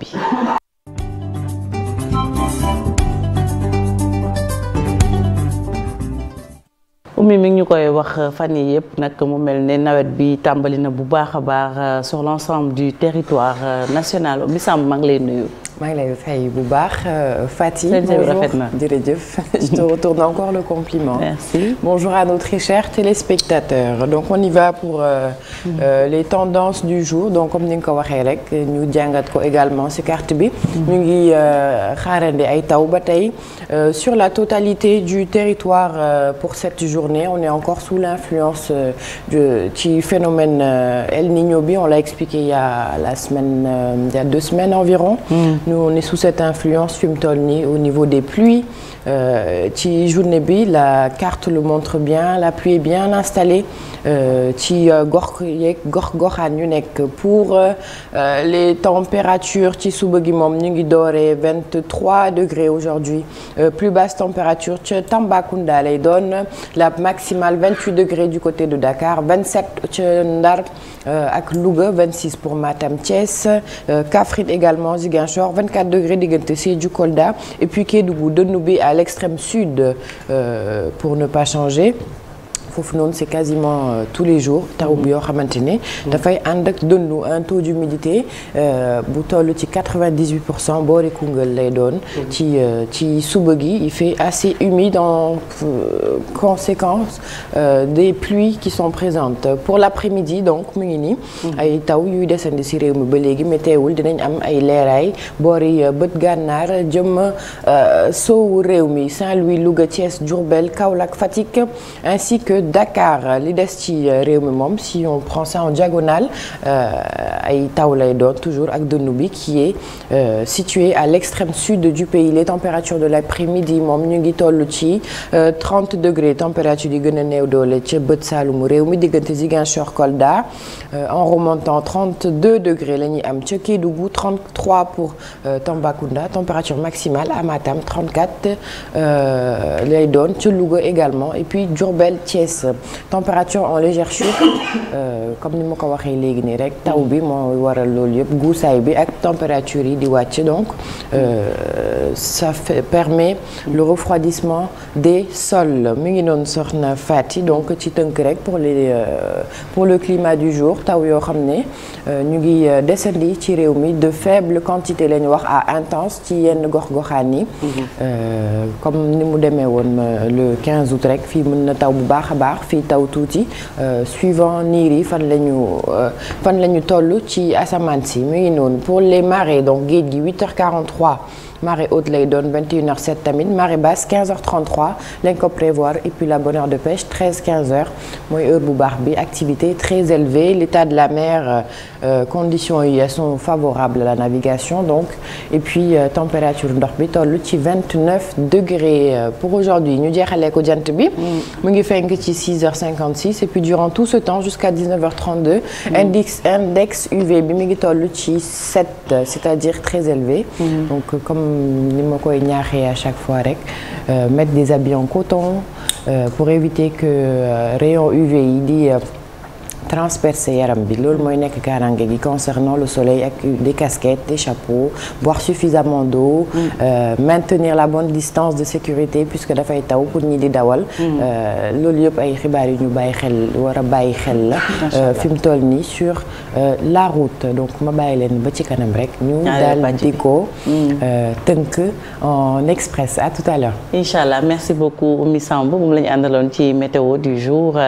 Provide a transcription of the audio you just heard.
bi mi ngi ñu koy wax fan yi yëpp nag mu mel ni nawet bi tàmbali na bu baax a baax euh, sur l'ensemble du territoire euh, national Oumy Samb maa ngi lay maa ngi lay fay bu baax euh, Fati. jërëjëf je te retourne encore le compliment. merci bonjour à nos très chers donc on y va pour euh, mm-hmm. euh, les tendances du jour donc comme ni nga ko waxee rek ñu jàngat ko également ci carte bi. Mm-hmm. ñu ngi xaarandi ay taw ba tey sur la totalité du territoire pour cette journée on est encore sous l'influence de ci phénomène El Niño on l'a expliqué il y a la semaine environ. Mm. ñu on est sous cette influence mu toll nii au niveau des pluies euh, ci journée bi la carte le montre bien la pluie bien installée euh, ci euh, gox yeeg gox goxaan yu nekk pour les températures ci suba gi moom ñu ngi dooree 23 degrés aujourd'hui plus basse température ca Tambacounda lay doon la maximale 28 degrés du côté de Dakar 27 ca Ndar. Euh, ak Louga 26 pour Matam Thiès euh, Kaffrine également Ziguinchor 24 degrés diggante Sédhiou Kolda et puis Kédougou dënnu bi à l'extrême sud euh, pour ne pas foofu noonu c'est quasiment euh, tous les jours taw bi yoo xamante ne dafay ànd ak dëndu un taux d'humidité euh, bu toll ci 98 pour cent boori Koungheul lay doon ci euh, ci suba gi il fait assez humide en conséquence des pluies qui sont présentes pour l'après-midi donc mu ngi nii taw yuy desandi si réew mi ba léegi mais dinañ am ay leeraay boori bët gànnaar jëm soowu réew mi Saint-Louis Louga Thiès Diourbel Kaolack Fatick ainsi que Dakar euh, li des ci euh, réew mi moom si on prend ça en diagonale euh, ay taw lay doon toujours ak dënnu bi qui est euh, situé à l'extrême sud du pays les températures de l'après-midi moom ñu ngi toll ci 30 degrés température yi gën a néew doole ca bët saalumu réew mi diggante Ziguinchor Kolda en remontant 32 degrés la ñuy am ca Kédougou 33 pour Tambacounda température maximale à Matam 34 lay doon ca Louga également et puis Diourbel Thiès. gis euh, température en légère chute euh, comme ni ma ko waxee léegi nii rek taw bi moo waral loolu yëpp guusaay bi ak température yi di wàcc donc euh, ça fait permet le refroidissement des sols mi ngi noonu soxna Fati donc ci tënk rek pour les pour le climat du jour taw yoo xam ne ñu ngi descendi ci réew mi de faible quantité la ñu wax à intense ci yenn gox-goxaan yi mhm. comme ni mu le 15 août rek fii taw bu baax baax fii taw tuuti euh, suivant niir yi fan la ñu euh, fan la ñu toll ci asamaan si mu ngi noonu pour les marées donc géej gi 8h43. marée haute lay doon 21h07 tamit marée basse 15 mooy heure bu baax bi activité très élevée l'état de la mer euh, euh conditions yi sont favorables à la navigation donc et puis euh, ndox bi toll ci 29 degrés euh, pour aujourd'hui ñu jeexalee ko jant bi. Mm. mu ngi fenk ci 6h56 et puis durant tout ce temps jusqu'à 19 h mm. bi mu ngi toll ci 7 c'est-à-dire très élevé. Mm. donc euh, comme ni ma koy ñaaxee à chaque fois rek euh, mettre des habits en coton euh, pour éviter que euh, rayon UV yi di transpercer yaram bi loolu mooy nekk kaaraange gi concernant le soleil ak des casquettes des chapeaux boire suffisamment d'eau mm. euh, la bonne distance de sécurité puisque dafay taw pour ñi di dawal mm. euh, loolu yëpp ay xibaar yu ñu bàyyi xel war a bàyyi xel la euh, fi mu toll nii sur euh, la route donc ma bàyyi leen ba ci kanam rek ñu daal di ko mm. tënk en express à tout à l'heure incha allah merci beaucoup Oumy Samb moom la àndaloon ci météo du jour